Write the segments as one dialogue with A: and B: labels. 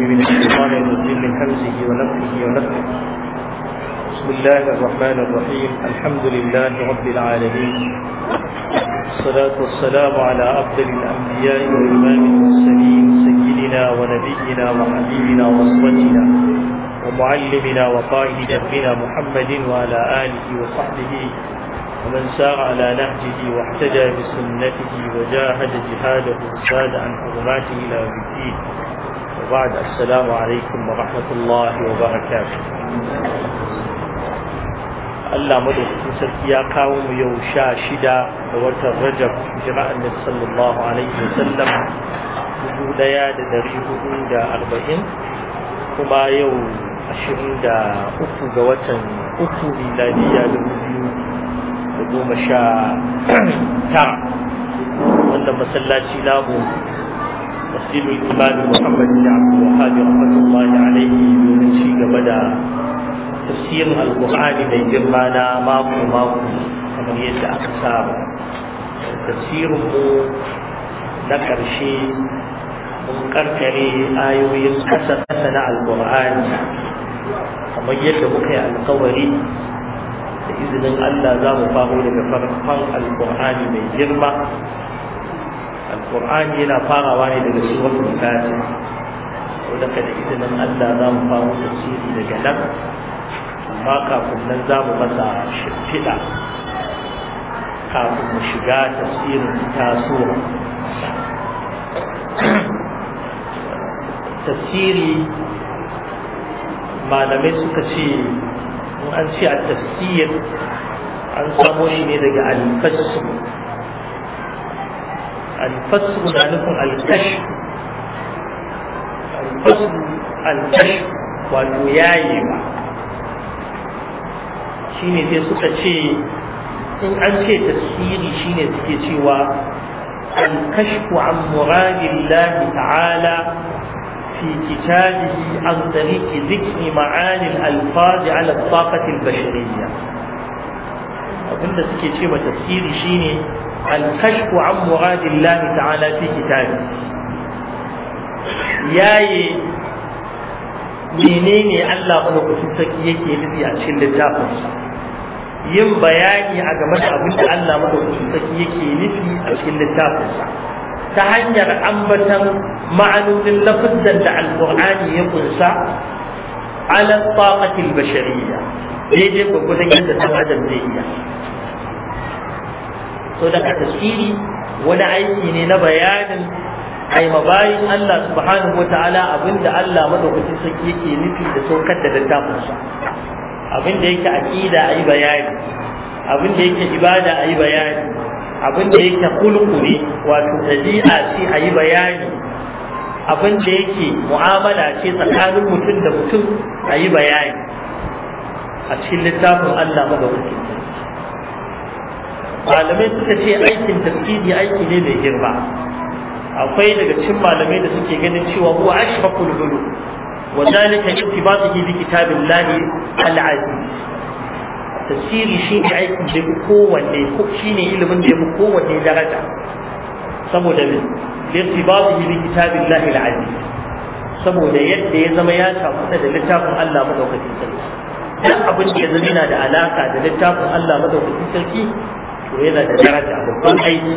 A: من الشيطان الرجيم من همزه ونفخه ونفخه بسم الله الرحمن الرحيم الحمد لله رب العالمين الصلاة والسلام على أفضل الأنبياء وإمام المرسلين سيدنا ونبينا وحبيبنا وأسوتنا ومعلمنا وقائد دربنا محمد وعلى آله وصحبه ومن سار على نهجه واحتجى بسنته وجاهد جهاده وساد عن حرماته إلى الدين وبعد السلام عليكم ورحمة الله وبركاته Allah madaukakin sarki ya kawo mu yau sha shida da watan Rajab jira daya da dari hudu kuma yau ashirin da uku ga watan da wanda masallaci lamu وسيل الإمام محمد بن عبد الوهاب رحمة الله عليه gaba da tafsirin alƙur'ani mai girma na mako mako kamar yadda aka saba tafsirin mu na ƙarshe mun karkare ayoyin ƙasa ƙasa na alƙur'ani kamar yadda muka yi alƙawari da izinin Allah za mu faro daga farkon alƙur'ani mai girma alqur'ani yana farawa ne daga suratul fatiha saboda da izinin Allah za mu fara tafsiri daga nan amma kafin nan za mu masa shimfiɗa kafin mu shiga tafsirin tasura tafsiri malamai suka ce an ce a tafsir an samo shi ne daga alfasu الفصل ذلك الكشف الفصل الكشف والويايمة شيني دي سوكا شي ان انشي تسكيري شيني سكي شيوا الكشف عن مراد الله تعالى في كتابه عن طريق ذكر معاني الالفاظ على الطاقه البشريه. ابن تسكي شيوا تسكيري شيني الكشف عن مراد الله تعالى في كتابه yayi menene Allah ku sarki yake nufi a cikin littafinsa yin bayani a game da abin da Allah ku sarki yake nufi a cikin littafinsa ta hanyar ambatan ma'anonin lafazan da alqur'ani ya kunsa ala taqatil bashariyya daidai gwagwadon yadda ɗan adam zai iya so daga tasiri wani aiki ne na bayanin ai mabayin Allah subhanahu wa ta'ala abinda Allah madaukakin sarki yake nufi da saukar da littafin sa abinda yake aqida ai bayani abinda yake ibada ai bayani abinda yake khuluqu ne wato dabi'a ce ai bayani abinda yake mu'amala ce tsakanin mutum da mutum ai bayani a cikin littafin Allah madaukakin malamai suka ce aikin tafsiri aiki ne mai girma akwai daga cikin malamai da suke ganin cewa huwa ashfaqul ulum wa zalika ittibatuhu bi kitabillahi al-aziz tafsiri shi ne aikin da ya kowanne shi ne ilimin da ya kowanne daraja saboda min littibatuhu bi kitabillahi al-aziz saboda yadda ya zama ya tafuta da littafin Allah madaukakin sarki duk abin da ya zama da alaka da littafin Allah madaukakin sarki to yana da daraja babban aiki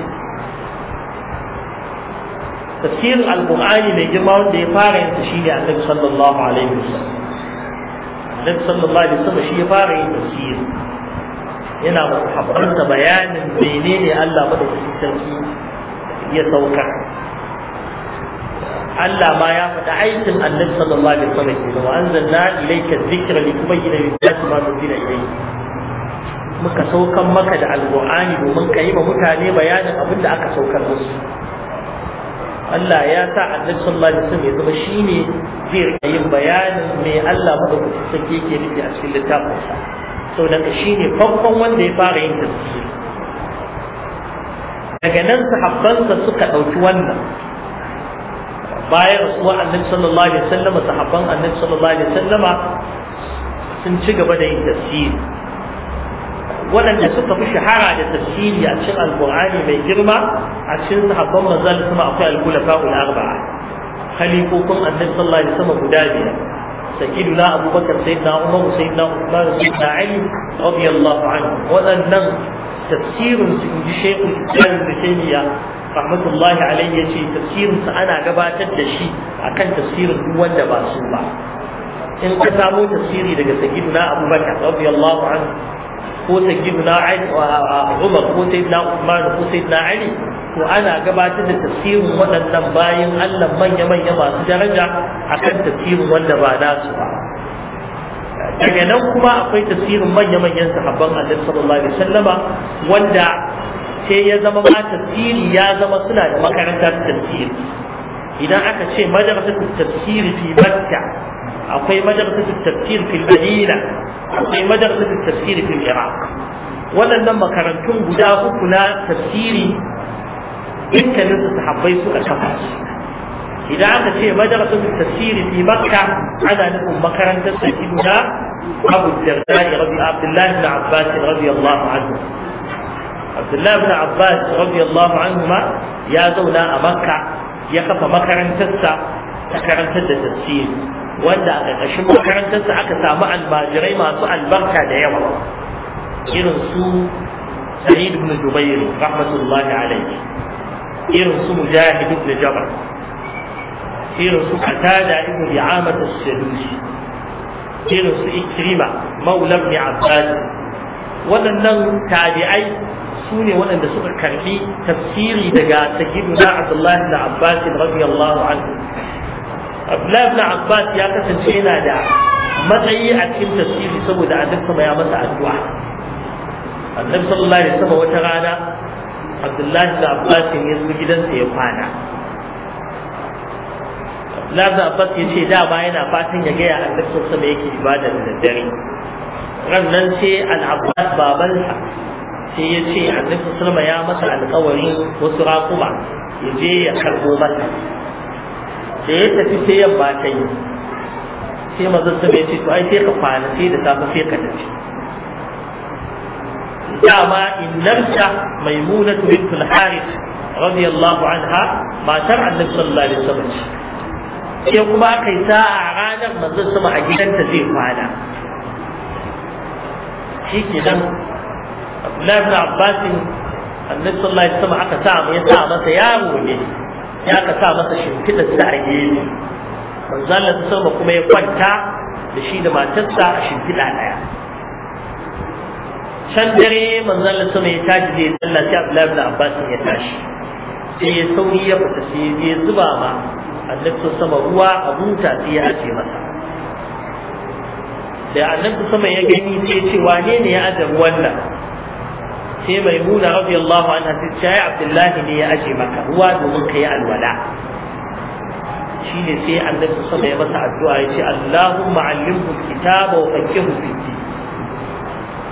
A: al alqur'ani mai girma wanda ya fara yin shi ne annabi sallallahu alaihi wasallam annabi sallallahu alaihi wasallam shi ya fara yin tafsiri yana da muhabbarta bayanin menene Allah madaukakin sarki ya sauka Allah ma ya faɗa aikin annabi sallallahu alaihi wasallam wa anzalna ilayka dhikra litubayyana lin-nasi ma nuzila ilayhim muka saukan maka da alƙur'ani domin ka yi ma mutane bayanin abin da aka saukar musu Allah ya sa annabi sallallahu alaihi wasallam ya zama shine zai rika yin bayanin me Allah madaukakin sarki yake nufi a cikin littafin sa sau daga shine farkon wanda ya fara yin tafsiri daga nan sahabbansa suka ɗauki wannan bayan rasuwar annabi sallallahu alaihi wasallam sahabban annabi sallallahu alaihi wasallama sun ci gaba da yin tafsiri waɗanda suka fi shahara da tafsiri a cikin alƙur'ani mai girma a cikin sahabban manzo da kuma akwai alkulafa ul arba'a khalifokun annabi sallallahu alaihi wasallam guda biyar sakidu na abubakar sai na umaru sai na umaru sai na ali radiyallahu anhu waɗannan tafsirin su in ji shehu jalil da kemiya rahmatullahi alaihi ya ce tafsirin ana gabatar da shi akan tafsirin duk wanda ba su ba in ka samo tafsiri daga sakidu na abubakar radiyallahu anhu ko sayyidina ali umar ko sayyidina usman ko na ali to ana gabatar da tafsirin waɗannan bayan Allah manya-manya masu daraja akan tafsirin wanda ba nasu ba daga nan kuma akwai tafsirin manya-manyan sahabban annabi sallallahu alaihi wasallama wanda sai ya zama ma tafsiri ya zama suna da makaranta ta tafsiri idan aka ce madrasatu tafsiri fi makka akwai madrasatul tafsir fil madina akwai madrasatul tafsir fil iraq waɗannan makarantun guda uku na tafsiri dukkanin su sahabbai kafa idan aka ce madrasatul tafsir fi makka ana nufin makarantar sayyidina abu darda rabi abdullahi bin abbas radiyallahu anhu abbas radiyallahu anhu ma ya zauna a makka ya kafa makarantarsa ta karantar da tafsiri wanda a ƙarƙashin makarantarsa aka samu almajirai masu albarka da yawa irin su sa'id ibn jubair rahmatullahi alayhi irin su mujahid ibn jabr irin su qatada ibn bi'amat as-sadusi irin su ikrima maula ibn abbas waɗannan tabi'ai su ne waɗanda suka karɓi tafsiri daga sayyiduna abdullahi ibn abbas radiyallahu anhu Abdullahi ibn Abbas ya kasance yana da matsayi a cikin tasiri saboda annabi sama ya masa addu'a annabi sallallahu alaihi wasallam wata rana Abdullahi ibn Abbas ya zo gidansa ya kwana Abdullahi ibn Abbas ya ce da ba yana fatan ya ga ya annabi sallallahu alaihi yake ibada da daddare ran ce sai al-Abbas babansa sai ya ce annabi sallallahu alaihi ya masa alƙawarin wasu raƙuma ya je ya karɓo masa da ya tafi sai yamma ta yi sai mazan sama ya ce to ai sai ka kwana sai da safe sai ka tafi dama innarta maimunatu bintul harith radiyallahu anha matar annabi sallallahu alaihi wasallam ce kuma aka yi sa'a a ranar mazan sama a gidanta zai kwana shi ke nan Abdullahi ibn Abbas annabi sallallahu alaihi wasallam aka sa ya sa masa yaro ne ya ka sa masa shimfiɗar sa a gefe manzo Allah ta sama kuma ya kwanta da shi da matarsa a shimfiɗa ɗaya can dare manzo Allah sama ya tashi zai sallah sai Abdullahi ibn Abbas ya tashi sai ya sauri ya fita sai ya zuba ma annabi sama ruwa a buta sai ya ace masa da annabi sama ya gani sai ya ce wane ne ya aje nan? sai maimuna radiyallahu anha ta ce ai abdullahi ne ya aje maka ruwa domin kai alwala ne sai annabi sama ya masa addu'a ya ce allahumma allimhu kitaba wa faqihu fi din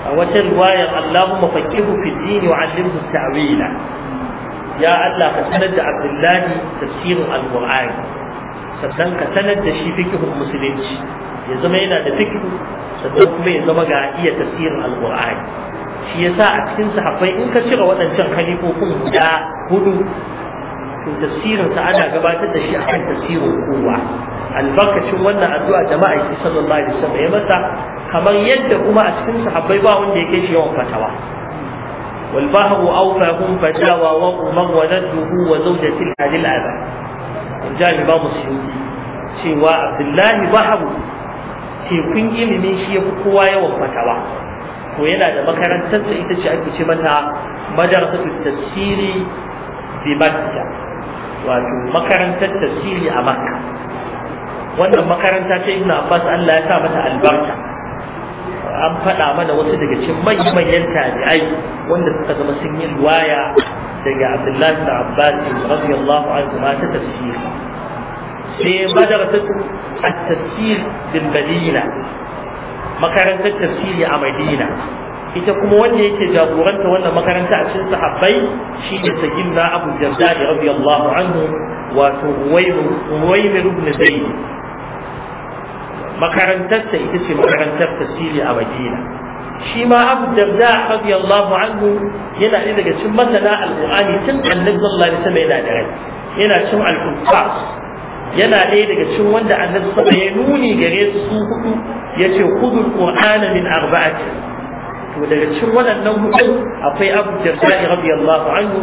A: a wata riwayar allahumma faqihu fi din wa allimhu ta'wila ya Allah ka sanar da abdullahi tafsirin alqur'ani sannan ka sanar da shi fiqhul musulunci ya zama yana da fiqh sannan kuma ya zama ga iya tafsirin alqur'ani shi yasa a cikin sahabbai in ka cire waɗancan kalifofin guda hudu to tafsirin sa ana gabatar da shi akan tafsirin kowa albarkacin wannan addu'a da ma'aiki sallallahu alaihi wasallam ya masa kamar yadda kuma a cikin sahabbai ba wanda yake shi yawan fatawa والبحر أوفاهم فجاوى وأمر ونده وزوجة الحاج الأبا جاء الإمام السيوطي شيء عبد الله بحر شيء كن إلمي شيء قوايا وفتوى ko yana da makarantar ita ce ake ce mata madrasatul tafsiri bi makka wato makarantar tafsiri a makka wannan makaranta ce ibnu abbas Allah ya sa mata albarka an faɗa mana wasu daga cikin manyan tabi'ai wanda suka zama sun yi waya daga abdullahi bin abbas radiyallahu anhu ma ta tafsiri sai madrasatul at-tafsir bil madina makarantar tafsiri a madina ita kuma wanda yake jagoranta wannan makaranta a cikin sahabbai shi ne sayyidina abu da jardari radiyallahu anhu wato uwaimir ibn zayd makarantarsa ita ce makarantar tafsiri a madina shi ma abu darda radiyallahu anhu yana ɗaya daga cikin masana alqur'ani tun annabi sallallahu alaihi wasallam yana da rai yana cikin alqur'an yana ɗaya daga cikin wanda annabi sallallahu alaihi wasallam ya nuni gare su hudu yace khudul qur'ana min arba'ati to daga cikin waɗannan hudun akwai Abu Jarra'i radiyallahu anhu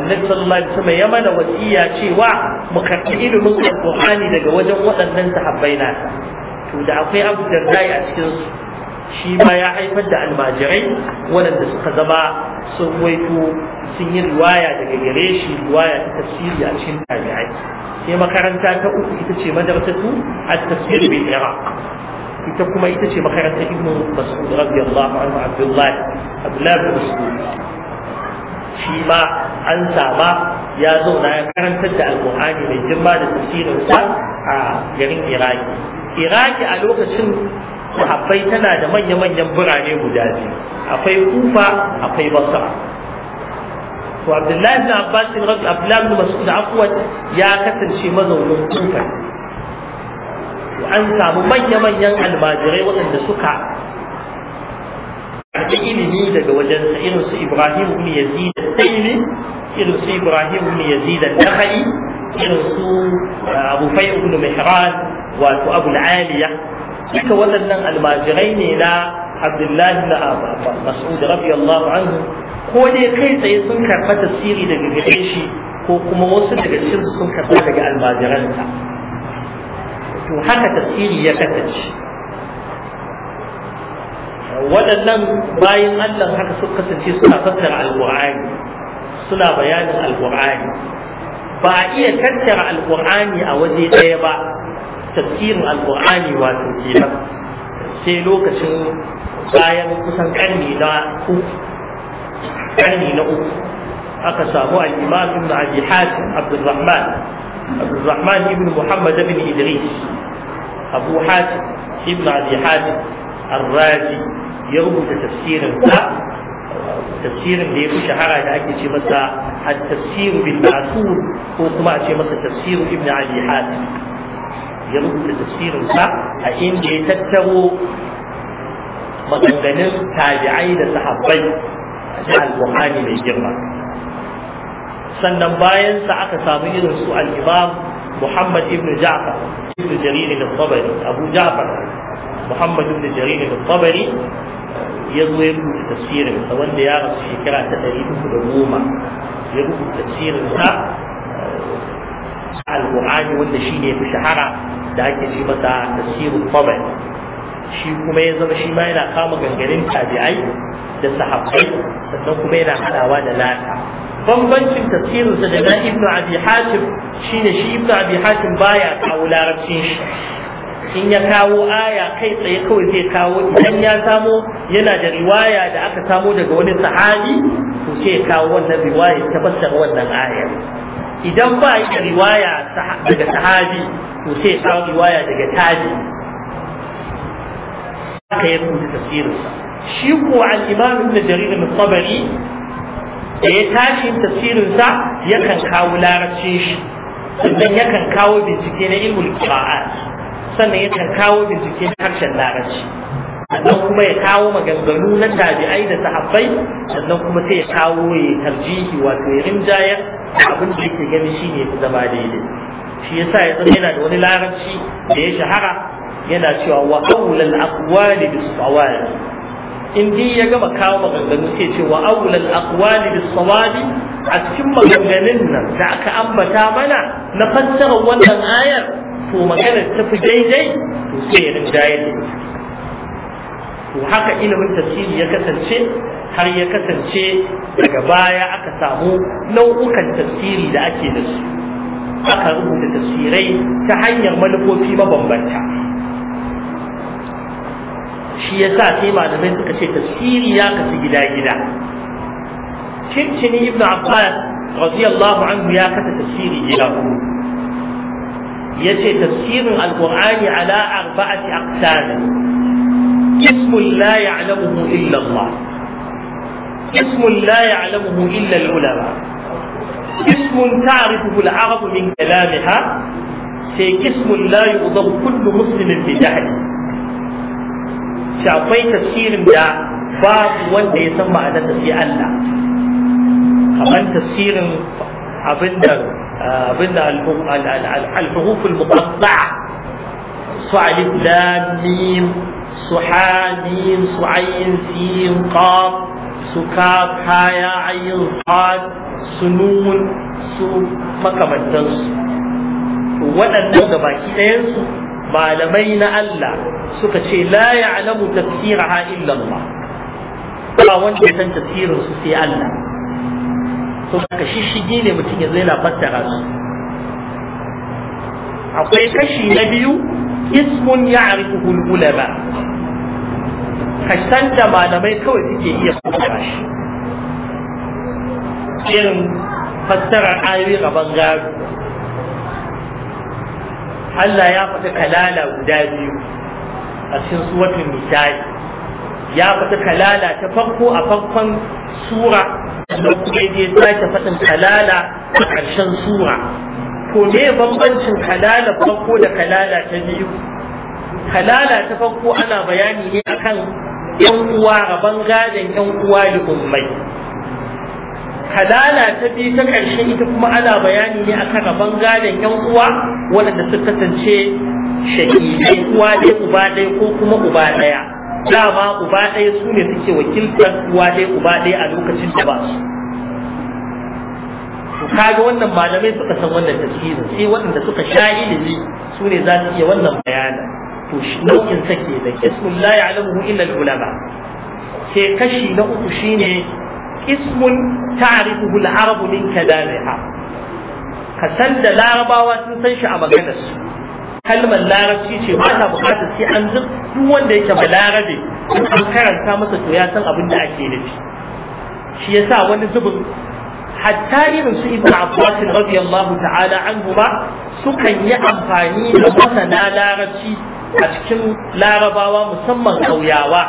A: annabi sallallahu alaihi wasallam ya mana wasiya cewa mu karɓi ilimin alqur'ani daga wajen waɗannan sahabbai na to da akwai Abu Jarra'i a cikin shi ma ya haifar da almajirai waɗanda suka zama sun waito sun yi riwaya daga gare shi riwaya ta tafsiri a cikin tabi'ai sai makaranta ta uku ita ce madrasatu at-tafsir bil iraq ita kuma ita ce makarantar ibn mas'ud radiyallahu anhu abdullah abdullah ibn mas'ud shi ma an sama ya zauna ya karantar da al alqur'ani mai girma da tafsirin sa a garin iraki iraki a lokacin sahabbai tana da manya-manyan birane guda biyu akwai kufa akwai basra to abdullahi ibn abbas ibn abdullahi ibn mas'ud afwan ya kasance mazaunin kufa an samu manya-manyan almajirai waɗanda suka karɓi ilimi daga wajensa irin su Ibrahim ibn Yazid al irin su Ibrahim ibn Yazid al-Nakhai irin su uh, Abu Fayy ibn Mihran wato Abu Aliya duka waɗannan almajirai ne na Abdullahi ibn Mas'ud radiyallahu anhu ko dai kai tsaye sun karɓa tasiri daga gare shi ko kuma wasu daga cikin sun karɓa daga almajiransa to haka tafsiri ya kasance waɗannan bayan Allah haka suka kasance suna tattara alƙur'ani suna bayanin alƙur'ani ba a iya tattara alƙur'ani a waje ɗaya ba tafsirin alƙur'ani wato kenan sai lokacin bayan kusan ƙarni na uku ƙarni na uku aka samu al-imam ibn abi hatim abdurrahman عبد الرحمن بن محمد بن إدريس أبو حاتم ابن أبي حاتم الرازي يربط تفسير tafsirin da ya fi shahara da ake ce a at-tafsir ko kuma a ce masa tafsir ibn ali hatim ya rubuta tafsirin sa a inda ya tattaro maganganun tabi'ai da sahabbai na al-bukhari mai girma sannan bayan sa aka samu irin su al-imam Muhammad ibn Ja'far ibn Jarir al-Tabari Abu Ja'far Muhammad ibn Jarir al-Tabari ya zo ya rubuta tafsirin sa wanda ya rasu shekara ta 310 ya rubuta tafsirin sa eh, al-Qur'ani wanda shine fi shahara da ake ce masa tafsirul Tabari shi kuma ya zama shi ma yana kama gangarin tabi'ai da sahabbai sannan kuma yana hadawa da lata bambancin tafsirinsa da na ibnu abi hatim shine shi ibnu abi hatim baya kawo larabcin shi in ya kawo aya kai tsaye kawai zai kawo idan ya samo yana da riwaya da aka samo daga wani sahabi to sai kawo wannan riwaya ta fassara wannan aya idan ba ya riwaya daga sahabi to sai kawo riwaya daga tabi haka ya rubuta tafsirinsa shi ko al-imam ibn jarir al-tabari da ya tashi tafsirinsa yakan kawo larabcin shi sannan yakan kawo bincike na ilmul qira'at sannan yakan kawo bincike na harshen larabci sannan kuma ya kawo maganganu na tabi'ai da sahabbai sannan kuma sai ya kawo ya tarjihi wato ya rinjayar abin da yake gani shine ya zama daidai shi yasa ya zama yana da wani larabci da ya shahara yana cewa wa awlal aqwali bis sawali in dai ya gama kawo maganganu sai ce wa awlal aqwali bis a cikin maganganun nan da aka ambata mana na fassara wannan ayar to maganar ta fi daidai to sai ya rinjaye to haka ilimin tafsiri ya kasance har ya kasance daga baya aka samu nau'ukan tafsiri da ake da su aka rubuta tafsirai ta hanyar manufofi mabambanta shi ya sa sai malamai suka ce tafsiri ya kasu gida-gida cincini ibn abbas radiyallahu anhu ya kasa tafsiri gida hudu ya ce tafsirin alqur'ani ala arba'ati aqsam اسم لا يعلمه إلا الله اسم لا يعلمه إلا العلماء اسم تعرفه العرب من كلامها سي اسم لا يغضب كل مسلم بجهله shi akwai tafsirin da babu wanda ya san ma'anar da Allah kamar tafsirin abinda abinda al-huruf al su alif lam su ha su ayin sin qaf su kaf haya, ayin had su nun su makamantansu waɗannan gabaki ɗayansu malamai na Allah suka ce la ya'lamu tafsiraha illa Allah ba wanda ya san tafsirin su sai Allah to ka shishige ne mutum ya zai na su akwai kashi na biyu ismun ya'rifuhu ulama kashan da malamai kawai suke iya fassara shi irin fassarar ayoyi gaban gado Allah ya faɗi kalala guda biyu a cikin suwatun nisa'i ya faɗi kalala ta farko a farkon sura da kuma ya sake faɗin kalala a ƙarshen sura ko me bambancin kalala farko da kalala ta biyu kalala ta farko ana bayani ne akan yan uwa rabon gadon yan uwa da ummai kalala ta biyu ta ƙarshe ita kuma ana bayani ne akan rabon gadon yan uwa waɗanda suka kasance shahidai uwa ɗaya uba ɗaya ko kuma uba ɗaya ma uba ɗaya su ne suke wakiltar uwa ɗaya uba ɗaya a lokacin da ba su to kaga wannan malamai suka san wannan tafsirin sai waɗanda suka sha ilimi su ne za su iya wannan bayanin to nau'in sake da ismun la ya'lamuhu illa al-ulama sai kashi na uku shine ismun ta'rifuhu al-arabu min kalamiha ka san da larabawa sun san shi a maganar su kalmar larabci ce ba ta bukatar sai an duk wanda yake ba larabe in an karanta masa to ya san abin da ake nufi shi yasa wani zubin hatta irin su ibn abbas radiyallahu ta'ala anhu ba sukan yi amfani da masana larabci a cikin larabawa musamman kauyawa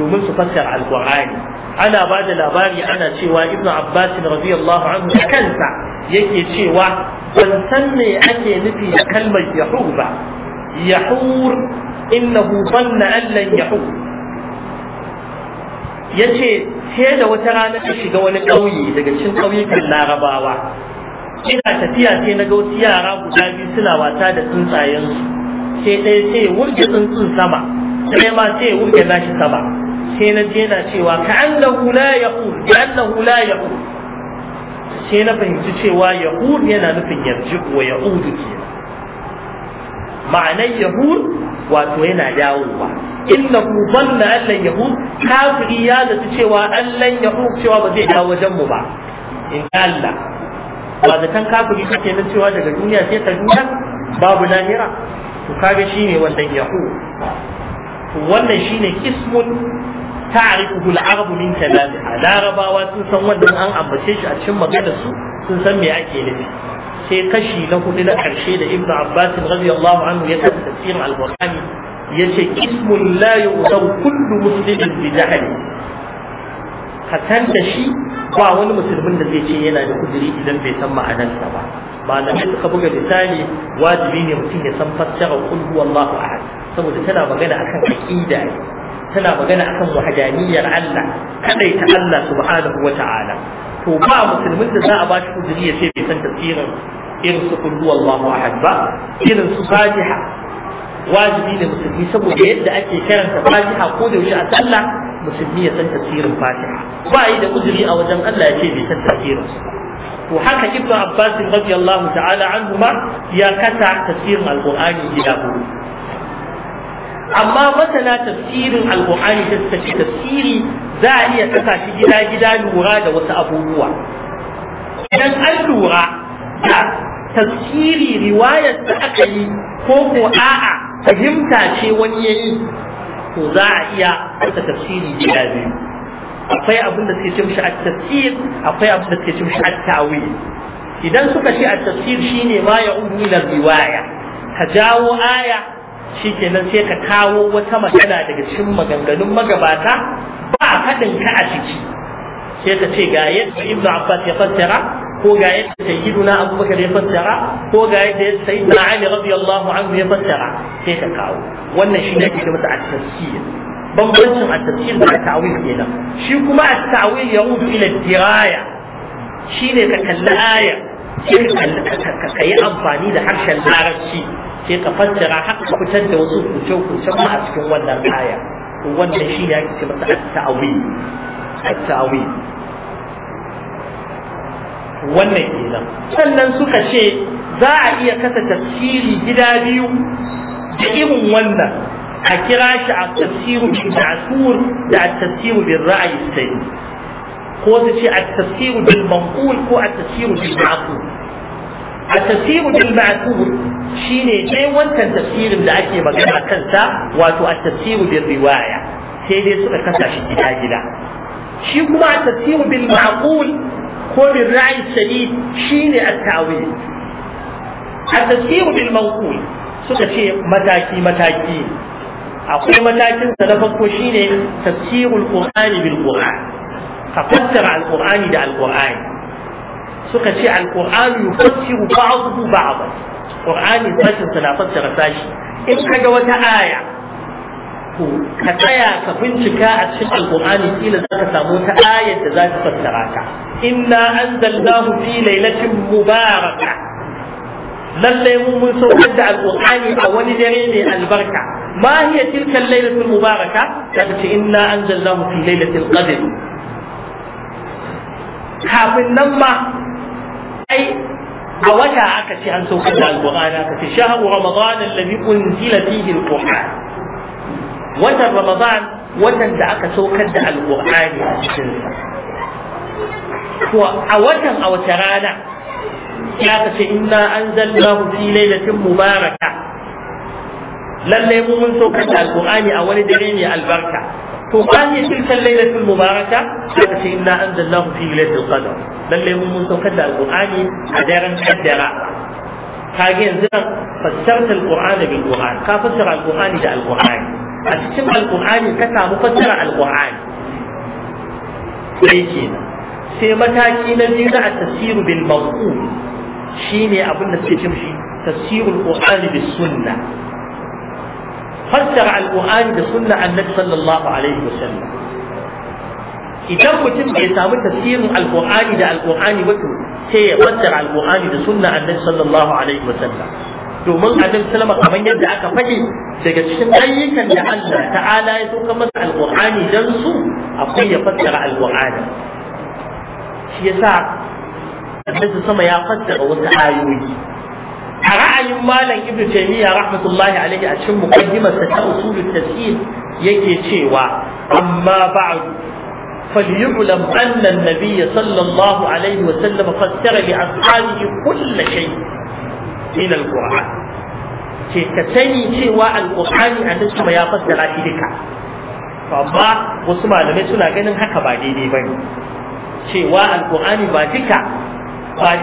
A: domin su fassara alqur'ani ana ba da labari ana cewa ibn abbas radiyallahu anhu kansa yake cewa ban san me ake nufi da kalmar Yahu ba yahur innahu dhanna an lan yace sai da wata rana ta shiga wani ƙauye daga cikin ƙauyukan larabawa ina tafiya sai na ga wasu yara guda biyu suna wasa da tsuntsayensu sai ɗaya sai ya wurge tsuntsun sama ɗaya ma sai ya wurge nashi sama sai na je na cewa ka annahu la yaqul ka annahu la sai na fahimci cewa yahud yana nufin yar'ji wa yahudu ke ma'anar yahud wato yana dawowa ku banna allan yahud kafiri ya zata cewa allan yahud cewa ba zai dawo wajen mu ba in Allah ba zaton kafiri kake nan cewa daga duniya sai ta duniya babu lahira to kaga shine wannan yahud wannan shine ismun ta'rifuhu al-arabu min kalamiha larabawa sun san wannan an ambace shi a cikin maganar su sun san me ake nufi sai kashi na hudu na karshe da ibnu abbas radiyallahu anhu ya tafi tafsirin al-qur'ani yace ismun la yu'tar kullu muslimin bi jahli hakan shi ba wani musulmin da zai ce yana da kudiri idan bai san ma'anarsa ba malamai suka buga misali wajibi ne mutum ya san fassara kullu wallahu ahad saboda tana magana akan aqida ne tana magana akan wahadaniyar Allah kadai ta Allah subhanahu wata'ala to ba musulmin da za a bashi kujiri ya ce bai san tafsirin irin su kullu Allahu ahad ba irin su fatiha wajibi ne musulmi saboda yadda ake karanta fatiha ko da yaushe a sallah musulmi ya san tafsirin fatiha ba yi da kujiri a wajen Allah ya ce bai san tafsirin su to haka ibnu abbas radiyallahu ta'ala anhu ma ya kasa tafsirin alqur'ani gida hudu amma masana tafsirin alƙur'ani da suka ce tafsiri za a iya saka shi gida gida lura da wasu abubuwa idan an lura da tafsiri riwayar da aka yi ko ko a'a fahimta ce wani yayi to za a iya saka tafsiri gida biyu akwai abin da suke cimshi a tafsir akwai abin da suke cimshi a idan suka ce a tafsir shine ma ya umu riwaya ka jawo aya shi kenan sai ka kawo wata magana daga cikin maganganun magabata ba faɗin ka a ciki sai ka ce ga yadda ibn abbas ya fassara ko ga yadda sayyiduna abubakar ya fassara ko ga yadda sayyidina ali radiyallahu anhu ya fassara sai ka kawo wannan shi ne ke da masa at-tafsir bambancin a tafsir da at-ta'wil kenan shi kuma at-ta'wil wudu ila diraya shine ka kalli aya sai ka yi amfani da harshen larabci sai ka fassara haka ka fitar da wasu kuce-kuce ma a cikin wannan aya to wannan shi ya ke masa at-ta'awi at-ta'awi wannan kenan sannan suka ce za a iya kasa tafsiri gida biyu da irin wannan a kira shi a tafsiru bil ma'sur da a tafsirin bil ra'yi sayyid ko su ce a tafsirin bil ko a tafsirin bil ma'qul التفسير بالمعثور شيني دي wancan tafsirin da ake magana kansa wato at-tafsir sai dai suka kasa gida gida shi kuma at-tafsir bil ma'qul ko bil ra'i sadid shine at-tawil at-tafsir suka ce mataki mataki akwai matakin na farko shine tafsirul qur'ani bil da Alƙur'ani. suka ce alqur'anu yufassiru ba'dahu ba'dan qur'ani sashin na fassara sashi in kaga wata aya to ka tsaya ka bincika a cikin alqur'ani kila zaka samu ta ayar da za ta fassara ka inna anzalnahu fi lailatin mubaraka lalle mun mun saukar da alqur'ani a wani dare mai albarka ma hiya tilka lailatul mubaraka ta ce inna anzalnahu fi lailatul qadr kafin nan ma ai a wata aka ce an saukar da alqur'ani aka ce shahru ramadan alladhi unzila fihi alqur'an watan ramadan watan da aka saukar da alqur'ani a cikin sa to a watan a wata rana ya ka ce inna anzalnahu fi lailatin mubaraka lallai mun saukar da alqur'ani a wani dare ne albarka to bayan tilka lailatul mubaraka aka ce inna anzalnahu fi lailatul qadr lalle mun mun saukar da alqur'ani a daren kaddara kage yanzu nan fassarta alqur'ani bil qur'an ka fassara alqur'ani da alqur'ani a cikin alqur'ani ka samu fassara alqur'ani sai kenan sai mataki na biyu na tafsiru bil mawqu shine abin da suke cin shi tafsirul qur'ani bis sunnah fassara aluani da sunna annabi sallallahu alaihi sallam. idan mutum bai samu tafsirin aluani da aluani ba to sai ya fassara alqur'ani da sunna annabi sallallahu alaihi sallam. domin annabi sallama kamar yadda aka faɗi daga cikin ayyukan da Allah ta'ala ya so masa alqur'ani dan su akwai ya fassara alqur'ani shi sa annabi sama ya fassara wasu ayoyi ra'ayin malam ibnu taymiya rahmatullahi alaihi a cikin muqaddimar ta usulul tafsir yake cewa amma ba'd فليعلم أن النبي صلى الله عليه وسلم فسر لأصحابه كل شيء من القرآن ce ka sani cewa alƙur'ani a nan kuma ya fassara shi duka amma wasu malamai suna ganin haka ba daidai ba ne cewa alƙur'ani ba duka ba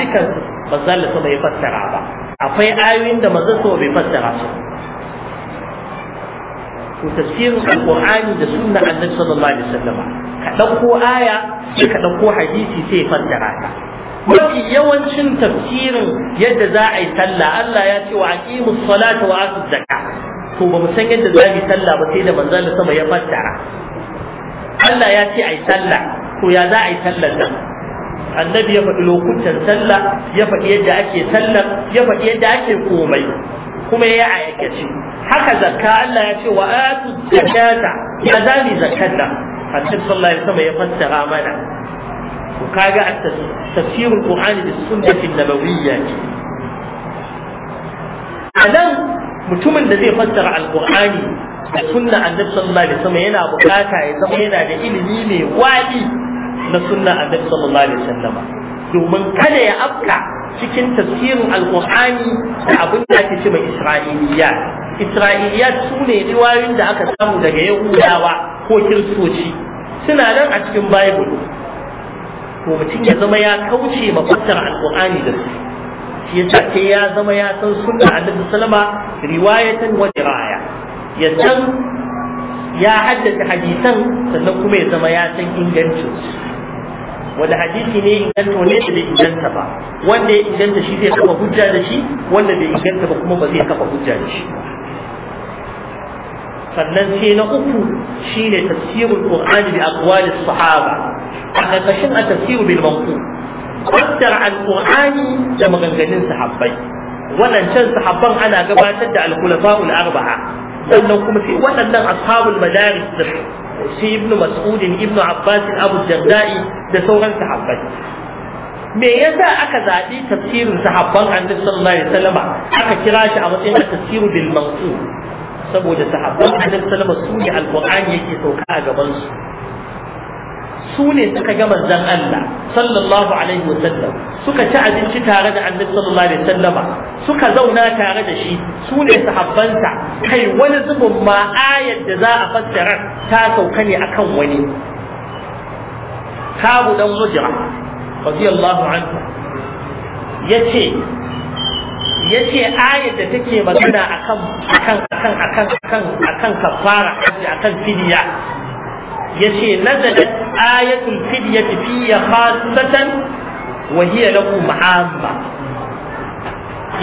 A: sama ya fassara ba akwai ayoyin da manzon sama bai fassara su to tafsirin alqur'ani da sunna annabi sallallahu alaihi wasallam ka dauko aya sai ka dauko hadisi sai fassara ta mafi yawancin tafsirin yadda za a yi sallah Allah ya ce wa aqimus salata wa atuz zakat to ba mu san yadda za mu yi sallah ba sai da manzon sama ya fassara Allah ya ce a yi sallah to ya za a yi sallah nan annabi ya faɗi lokutan sallah ya faɗi yadda ake sallar ya faɗi yadda ake komai kuma ya aikace haka zakka Allah ya ce wa atu zakata ya zami zakkan nan annabi sallallahu alaihi wasallam ya fassara mana ku kaga tafsirul qur'ani bis sunnati nabawiyya anan mutumin da zai fassara alqur'ani da sunna annabi sallallahu alaihi wasallam yana bukata ya zama yana da ilimi mai wadi na sunna annabi sallallahu alaihi wasallama domin kada ya afka cikin tafsirin alqur'ani da abin da ake ci mai isra'iliya isra'iliya su ne riwayoyin da aka samu daga yahudawa ko kiristoci suna nan a cikin bible to mutum ya zama ya kauce ma fassara alqur'ani da su shi yasa sai ya zama ya san sunna annabi sallama riwayatan wa diraya ya san ya haddace hadisan sannan kuma ya zama ya san ingancin wanda hadisi ne inganta wanda da bai inganta ba wanda ya inganta shi zai kafa hujja da shi wanda bai inganta ba kuma ba zai kafa hujja da shi sannan sai na uku shine tafsirul qur'ani bi aqwali sahaba a ƙarƙashin a tafsiru bil mawqu qaddar al-qur'ani da maganganun sahabbai can sahabban ana gabatar da al-khulafa'ul arba'a sannan kuma sai waɗannan ashabul madaris shi ibn mas'udin ibn abbas abu jardai da sauran sahabbai me yasa aka zaɓi tafsirin sahabban annabi sallallahu alaihi wasallam aka kira shi a matsayin tafsiru bil mansu saboda sahabban annabi sallallahu alaihi wasallam su ne alqur'ani yake sauka a gaban su su ne suka gama zan Allah sallallahu alaihi wasallam suka ci abinci tare da annabi sallallahu alaihi wasallama suka zauna tare da shi su ne sahabbansa kai wani zubin ma ayar da za a fassara ta sauka ne akan wani kabu dan mujra radiyallahu anhu yace yace ayar da take magana akan akan akan akan akan akan kafara akan fidiya yace nazalat آية الفدية في خاصة وهي له معامة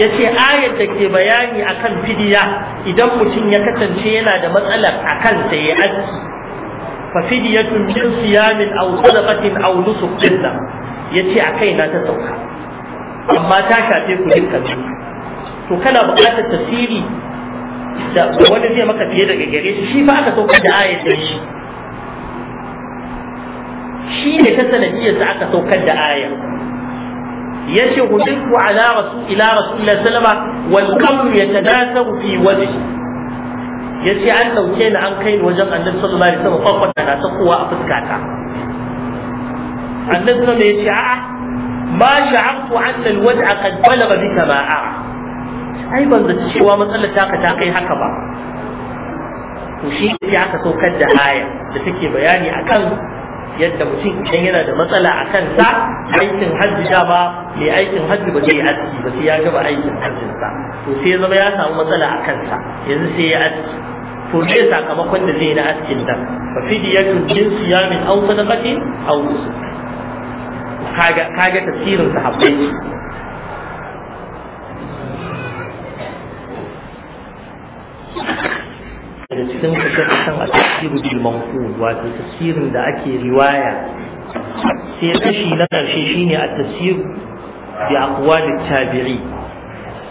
A: yace ayar da ke bayani akan fidiya idan mutum ya kasance yana da matsalar a kan kansa ya aski fa fidiyatun min siyamin aw sadaqatin aw nusuk illa yace a kai na ta sauka amma ta shafe ku dukkan to kana buƙatar tasiri da wanda zai maka fiye daga gare shi shi fa aka sauka da ayar da shi shi ne ta sanadiyarsa aka saukar da aya Ya yace hudithu ala rasul ila rasulillah sallama wal qawlu yatadasaru fi Ya ce an dauke ni an kai ni wajen annabi sallallahu alaihi wasallam kwakwata na ta kowa a fuskata annabi sallallahu alaihi wasallam yace a'a ma sha'artu anna al-waj'a qad balagha bika ma a'a ai ban zaci cewa matsalar taka ta kai haka ba to shi ne aka saukar da aya da take bayani akan yadda mutum idan yana da matsala a kansa aikin hajji ba mai aikin hajji ba zai aski ba sai ya gaba aikin hajjinsa to sai ya zama ya samu matsala a kansa yanzu sai ya aski to me sakamakon da zai na askin nan fa ya min siyamin aw sadaqatin aw kaga kaga tafsirin sahabbai Thank you. daga cikin kusan a tasiru bil wato tasirin da ake riwaya sai kashi na karshe shine a tasir bi aqwalit tabi'i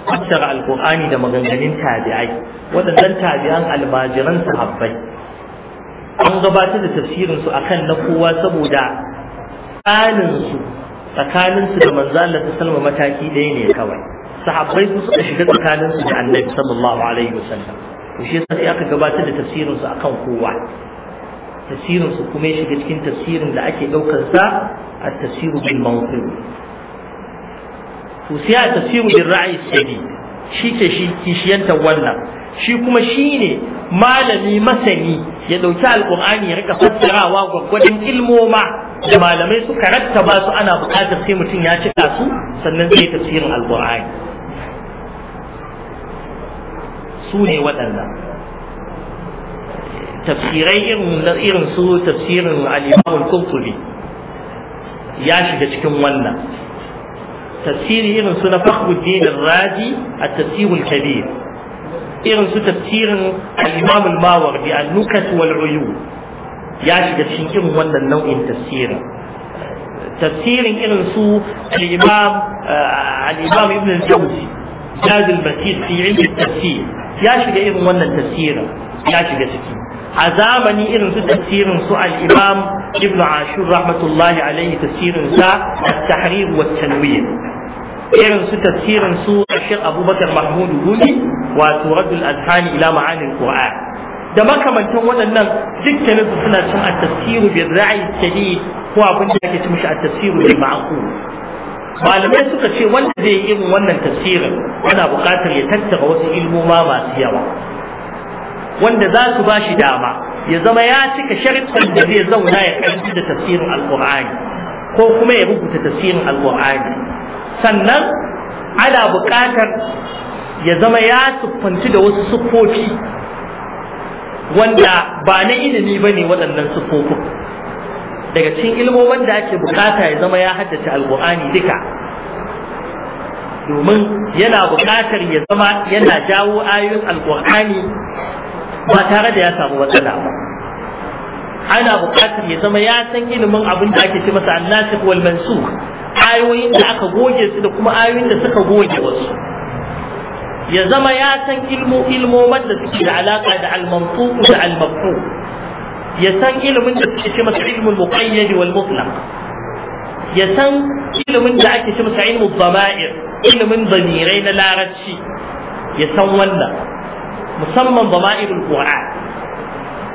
A: fassara alqur'ani da maganganun tabi'ai waɗannan tabi'an almajiran sahabbai an gabatar da tafsirin su akan na kowa saboda tsanin su tsakanin su da manzo Allah ta salma mataki ɗaya ne kawai sahabbai su suka shiga tsakanin su da annabi sallallahu alaihi wasallam to shi sai aka gabatar da tafsirin su akan kowa tafsirin su kuma ya shiga cikin tafsirin da ake daukar sa at-tafsiru bil mawqi to sai at-tafsiru bil ra'yi sabi shi ke shi kishiyantar wannan shi kuma shine malami masani ya dauki alqur'ani ya rika fassarawa gwaggwadin ilmoma da malamai suka rattaba su ana bukatar sai mutum ya cika su sannan zai tafsirin alqur'ani su ne waɗannan tafsirai irin su tafsirin al'imamul kurtubi ya shiga cikin wannan tafsiri irin su na fakhruddin raji a tafsirin kabir irin su tafsirin al'imamul Mawar al-nukas wal ya shiga cikin irin wannan nau'in tafsirin tafsirin irin su al'imam eh, ibn al-jawzi جاد المسيح في علم التفسير يا شيخ إيرن ولا التفسير يا شيخ سكي عزامني إيرن في تفسير سوء الإمام ابن عاشور رحمة الله عليه تفسير سا التحرير والتنوير إيرن في تفسير سوء الشيخ أبو بكر محمود غولي وترد الأذهان إلى معاني القرآن da makamantan waɗannan dukkanin su suna cin at-tafsiru bil ra'yi shadid ko abin da ake ce mishi at-tafsiru bil ma'qul malamai suka ce wanda zai yi irin wannan tafsirin Ana buƙatar ya tattara wasu ilmoma masu yawa wanda za su ba shi dama ya zama ya cika sharuɗan da zai zauna ya karanta da tafsirin alƙur'ani ko kuma ya rubuta tafsirin alƙur'ani sannan ana buƙatar ya zama ya siffanci da wasu siffofi wanda ba na ilimi ba ne waɗannan siffofin daga cikin ilmomin da ake bukata ya zama ya haddace alƙur'ani duka domin yana buƙatar ya zama yana jawo ayoyin alƙur'ani ba tare da ya samu matsala ba ana buƙatar ya zama ya san ilimin abin da ake ce masa annasik wal mansukh ayoyin da aka goge su da kuma ayoyin da suka goge wasu ya zama ya san ilmo ilmoman da suke da alaƙa da al da al-mafhum ya san ilimin da suke ce masa ilmul muqayyad wal mutlaq ya san ilimin da ake ce masa ilmu dama'ir ilimin zamirai na larabci ya san wannan musamman dama'irul qur'an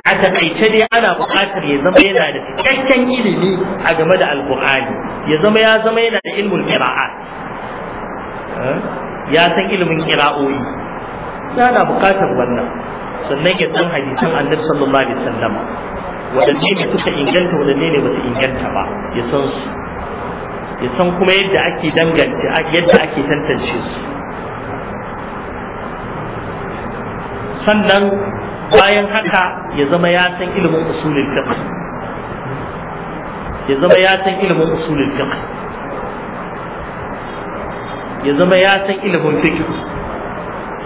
A: a takaice dai ana buƙatar ya zama yana da cikakken ilimi a game da AlƘur'ani. ya zama ya zama yana da ilimin ƙira'a, eh? ya san ilimin qira'o'i yana buƙatar wannan sannan ya san hadisan annabi sallallahu alaihi wasallam wadanne ne suka inganta wadanne ne ba su inganta ba ya san su ya san kuma yadda ake danganta yadda ake tantance su sannan bayan haka ya zama ya san ilimin usulin fiqh ya zama ya san ilimin usulin fiqh ya zama ya san ilimin fiqh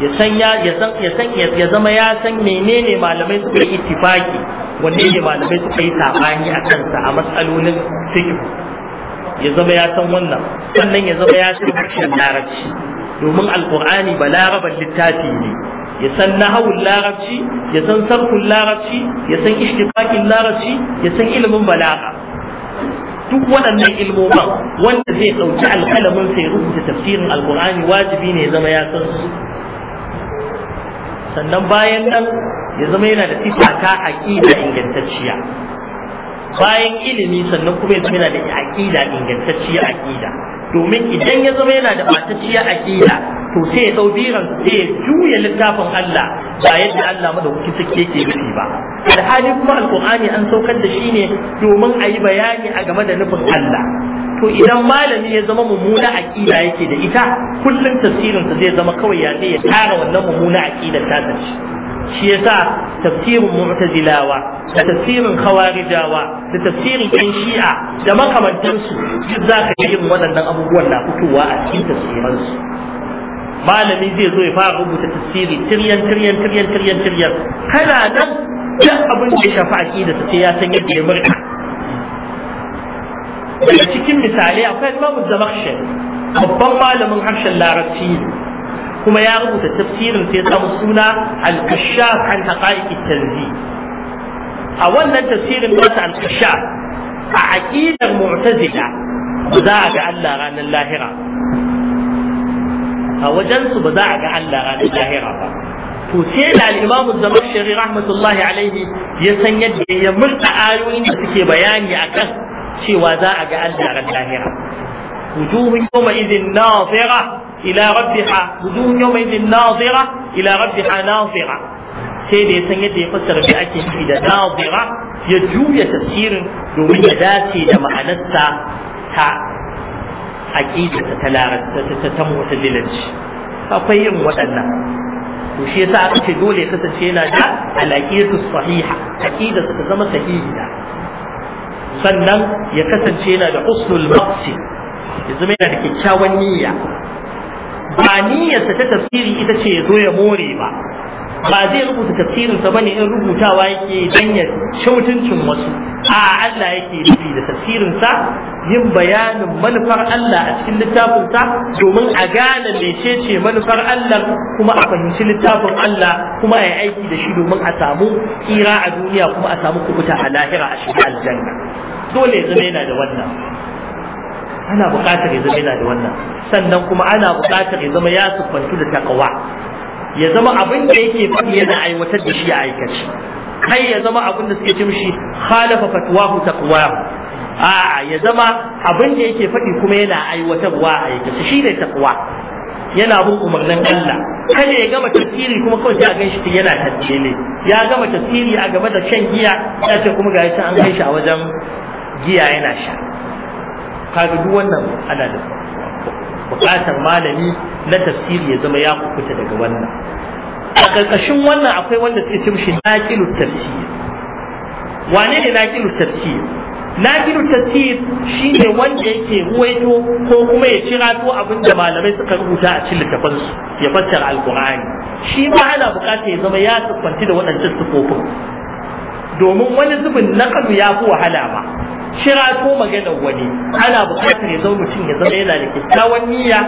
A: ya san ya san ya san ya zama ya san menene malamai suka yi ittifaki wanne ne malamai suka yi sabani a kansa a matsalolin fiqh ya zama ya san wannan sannan ya zama ya san harshen larabci domin alqur'ani ba laraban littafi ne ya san nahawun larabci ya san sarkun larabci ya san ishtiqaqin larabci ya san ilimin bala'a. duk waɗannan ilmoman wanda zai ɗauki alƙalamin sai rubuta tafsirin alkur'ani wajibi ne ya zama ya san su sannan bayan nan ya zama yana da sifa ta aƙida ingantacciya bayan ilimi sannan kuma ya yana da aƙida ingantacciyar aƙida domin idan ya zama yana da ɓatacciyar aƙida to sai ya ɗau sai ya juya littafin Allah ba yadda Allah wuki suke yake nufi ba alhali kuma alƙur'ani an saukar da shi ne domin a yi bayani a game da nufin Allah to idan malami ya zama mummuna aƙida yake da ita kullum tafsirinsa zai zama kawai ya ya tara wannan mummuna aƙidar ta shi yasa tafsirin mu'tazilawa da tafsirin khawarijawa da tafsirin yan shi'a da makamantansu duk za ka irin waɗannan abubuwan na fitowa a cikin tafsiransu malami zai zo ya fara rubuta tafsiri tiryan tiryan tiryan tiryan tiryan kana nan duk abin da ya shafi aqida sai ya san yadda ya murka daga cikin misalai akwai imamu zamakhshari babban malamin harshen larabci ne kuma ya rubuta tafsirin sai samu suna al-kashaf an haqa'iqi a wannan tafsirin nasa al-kashaf a aqidar mu'tazila ba za a ga Allah ranar lahira a wajen su ba za a ga Allah ranar lahira ba to sai da al-imam az-zamakhshari alaihi ya san yadda ya murta ayoyin da suke bayani a akan cewa za a ga Allah ranar lahira wujuhun yawma idhin fera? ila rabbiha wujuhun yawmaidin nazira ila rabbiha nazira da ya san yadda ya fassara da ake nufi da nazira ya juya tafsirin domin ya dace da ma'anarsa ta aƙida ta larabta ta akwai yin waɗannan to shi yasa aka ce dole ya kasance yana da alaƙiyatu sahiha aƙida ta zama sannan ya kasance yana da uslul ya zama yana da kyakkyawan niyya ba niyyarsa ta tafsiri ita ce ya zo ya more ba ba zai rubuta tafsirinsa ba ne in rubutawa yake dan ya shautuncin wasu a Allah yake nufi da tafsirinsa yin bayanin manufar Allah a cikin littafinsa domin a gane mecece manufar Allah kuma a fahimci littafin Allah kuma a yi aiki da shi domin a samu tsira a duniya kuma a samu kubuta a lahira a shiga aljanna dole ya zama yana da wannan ana buƙatar ya zama yana da wannan sannan kuma ana buƙatar ya zama ya siffantu da takawa ya zama abin da yake faɗi yana aiwatar da shi a aikace kai ya zama abin da suke cimshi mishi khalafa fatwahu taqwahu a ya zama abin da yake faɗi kuma yana aiwatarwa a aikace shi ne taqwa yana bin umarnin Allah kada ya gama tafsiri kuma kawai sai a gan shi yana tasiri ya gama tafsiri a game da shan giya ya ce kuma ga shi an kai shi a wajen giya yana sha kaga duk wannan ana da bukatar malami na tafsiri ya zama ya kukuta daga wannan a ƙarƙashin wannan akwai wanda suke ce mishi naqilu tafsir wane ne naqilu tafsir naqilu tafsir shine wanda yake ruwaito ko kuma ya ciratu to abin da malamai suka rubuta a cikin littafin su ya fassara alqur'ani shi ma ana bukatar ya zama ya siffanci da waɗancan sifofin domin wani zubin naqalu ya fi wahala ba kira ko maganar wani ana buƙatar ya zama mutum ya zama yana da kyakkyawan niyya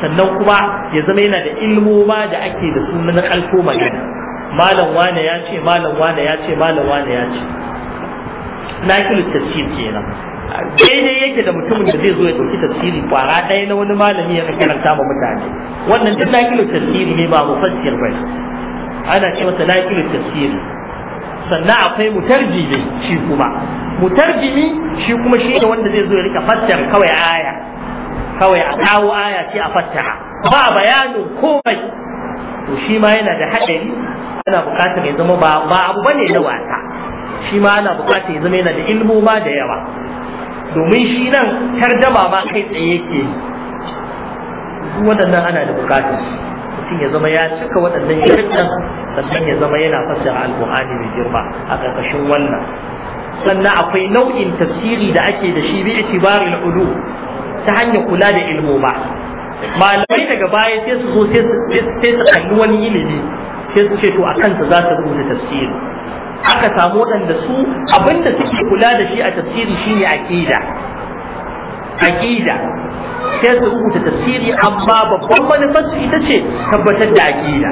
A: sannan kuma ya zama yana da ilmoma da ake da su na kalko magana malam wane ya ce malam wane ya ce malam wane ya ce na kilu tafsir kenan daidai yake da mutumin da zai zo ya ɗauki tafsiri kwara ɗaya na wani malami ya karanta ma mutane wannan duk na kilu tafsiri ne ba mu fassiyar ba ana ce masa na tafsiri sannan akwai mutarjibi shi kuma mutarjimi shi kuma shi ne wanda zai zo ya rika fassar kawai aya kawai a kawo aya ce a fassara ba bayanin komai to shi ma yana da haɗari ana buƙatar ya zama ba abu bane na wasa shi ma ana buƙatar ya zama yana da ilmu ma da yawa domin shi nan tarjama ma kai tsaye yake duk waɗannan ana da buƙatar mutum ya zama ya cika waɗannan shirin sannan ya zama yana fassara qurani mai girma a ƙarƙashin wannan sannan akwai nau'in tafsiri da ake da shi bi itibaril ulu ta hanyar kula da ilmoma malamai daga baya sai su zo sai su kalli wani ilimi sai su ce to a kansa za su rubuta tafsiri aka samu waɗanda su abinda suke kula da shi a tafsiri shine aqida aqida sai su rubuta tafsiri amma babban manufarsu ita ce tabbatar da aƙida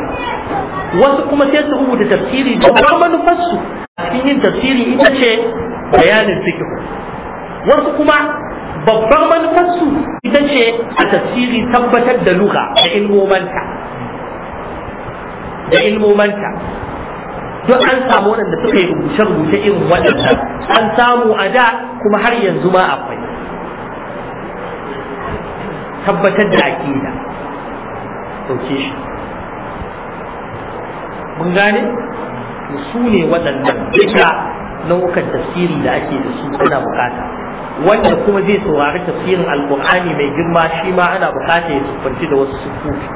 A: wasu kuma sai su rubuta tafsiri babban manufarsu cikin yin tafsiri ita ce bayanin fiqh wasu kuma babban manufarsu ita ce a tafsiri tabbatar da luka, da ilmomanta da ilmomanta don an samu waɗanda suka yi rubuce-rubuce irin waɗanda an samu a da kuma har yanzu ma akwai tabbatar da aqida sauke shi mun gane su ne waɗannan duka nau'ukan tafsiri da ake da su ana bukata wanda kuma zai saurari tafsirin alkur'ani mai girma shi ma ana bukata ya siffanci da wasu siffofi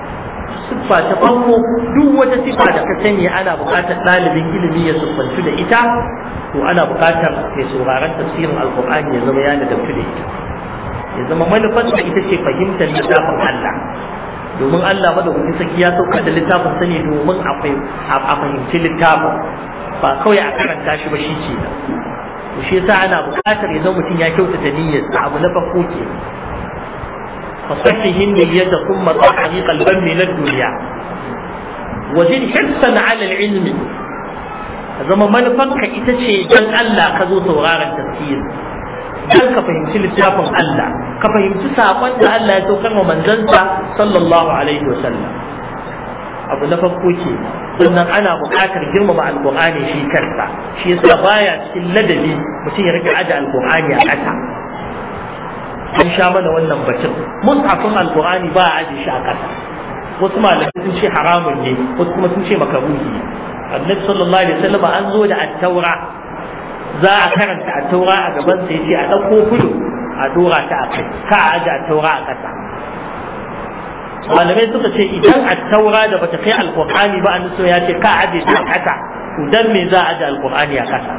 A: siffa ta farko duk wata siffa da ka sani ana bukatar ɗalibin ilimi ya siffanci da ita to ana bukatar mai sauraron tafsirin alƙur'ani ya zama ya da ita ya zama manufarsa ita ce fahimtar littafin Allah domin Allah madaukakin sarki ya sauka da littafin sa domin akwai a fahimci littafin ba kawai a karanta shi ba shi ke to shi yasa ana buƙatar ya zama mutum ya kyautata niyyar abu na farko ke فصحه النية ثم طهري قلبا من الدنيا وزد حرصا على العلم zama manufanka ita ce don Allah ka zo sauraron tafsir dan ka fahimci littafin Allah ka fahimci sakon da Allah ya saukar wa manzansa sallallahu alaihi wasallam abu na farko ke sannan ana buƙatar girmama alƙur'ani shi kansa shi yasa baya cikin ladabi mutum ya rika aje alƙur'ani a ƙasa an sha mana wannan batun mus'afin alƙur'ani ba a aje shi a ƙasa wasu malamai sun ce haramun ne wasu kuma sun ce makaruhi annabi sallallahu alaihi wasallam an zo da at-taura za a karanta a taura a gaban sai a ɗauko kudu a dora ta a kai ka a aje a taura a ƙasa malamai suka ce idan a taura da bata kai alƙur'ani ba annabi ya ce ka aje ta a ƙasa dan me za a aje alƙur'ani a ƙasa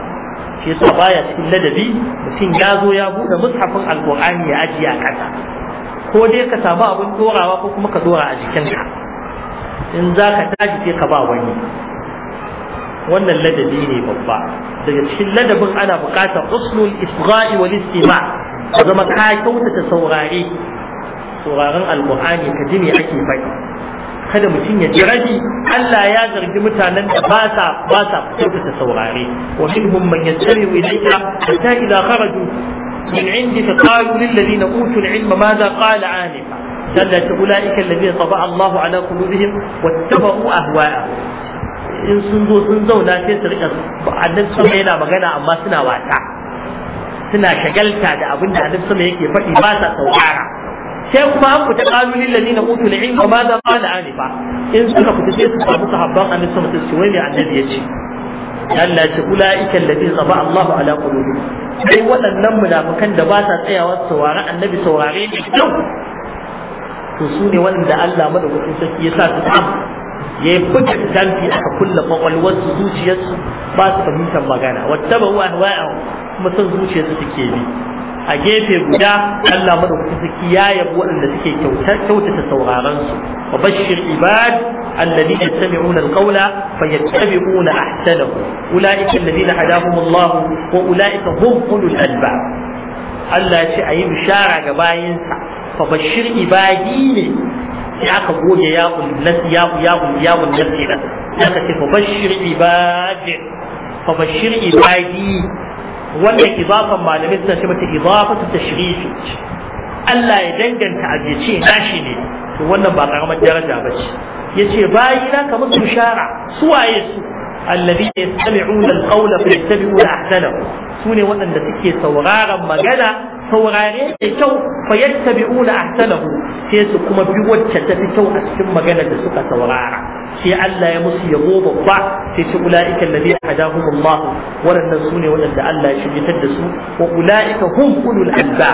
A: shi yasa baya cikin ladabi mutum ya zo ya buɗe mushafin alƙur'ani ya ajiye a ƙasa ko dai ka samu abin dorawa ko kuma ka dora a jikinka in za ka tashi sai ka ba wani wannan ladabi ne babba daga cikin ladabin ana buƙatar uslul isra'i wal istima zama ka kyautata saurare sauraron alqur'ani ka ji me ake faɗi kada mutum ya jirabi Allah ya zargi mutanen da ba sa ba sa kyautata saurare wa minhum man yastami'u ilayka hatta idha kharaju من عندك قالوا للذين أوتوا العلم ماذا قال آنفا سلت أولئك الذين طبع الله على قلوبهم واتبعوا أهواءهم in sun zo sun zauna sai su riƙa annabi sama yana magana amma suna wasa suna shagalta da abin da annabi sama yake faɗi ba sa saurara sai kuma an fita kalulin lalli na mutu na ilmi ma da ƙala anifa in suka fita sai su samu sahabban annabi sama sai su wai mai annabi ya ce Allah ce da alladhi tsaba Allahu ala qulubi sai waɗannan munafukan da ba sa tsayawa saurare annabi saurare ne to su ne waɗanda Allah madaukakin sarki ya sa su samu ya yi bugun damfi aka kulle kwakwalwarsu zuciyarsu ba su fahimtar magana wata ba wa kuma son zuciyarsu suke bi a gefe guda Allah madaukakin sarki ya yabi waɗanda suke kyautata sauraron su wa bashir ibad alladhina yastami'una alqawla fayattabi'una ahsanahu ulaika alladhina hadahumullah wa ulaika hum ulul albab Allah ya ce ayi bishara ga bayinsa fa bashir ibadi ne sai aka goge ya'un nas ya'u ya'un ya'un nas kenan sai aka ce fa bashir ibadi fa bashir ibadi wannan idafan malamai suna ce mata idafatu tashrifi Allah ya danganta a ce nashi ne to wannan ba karamar daraja ba ce yace bayina ka musu shara su waye su alladhi yastami'una al-qawla fa yattabi'una ahsanahu sune waɗanda suke sauraron magana saurare da kyau fa yattabi'una ahsanahu sai su kuma bi wacce ta fi kyau a cikin magana da suka saurara sai Allah ya musu yabo babba sai ce ulaika alladhi hadahum Allah waɗannan su ne waɗanda Allah ya shiryatar da su wa ulaika hum ulul alba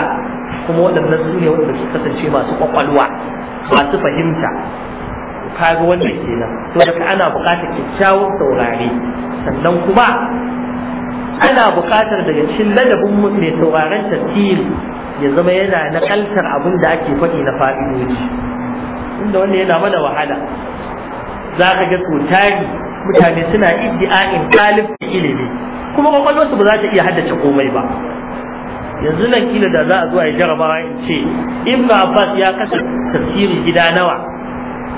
A: kuma waɗannan su ne waɗanda suka kasance masu kwakwalwa masu fahimta kaga wannan kenan to da ana buƙatar kyakkyawan saurare sannan kuma ana buƙatar daga cikin ladabin mai sauraron tafsiri ya zama yana na kaltar abin da ake faɗi na fa'idoji inda wannan yana mana wahala za ka ga so tari mutane suna iddi'a'in talib da ilimi kuma kwakwalwarsu ba za ta iya haddace komai ba yanzu nan kila da za a zuwa ya jarabawa in ce ibn bas ya kasa tafsirin gida nawa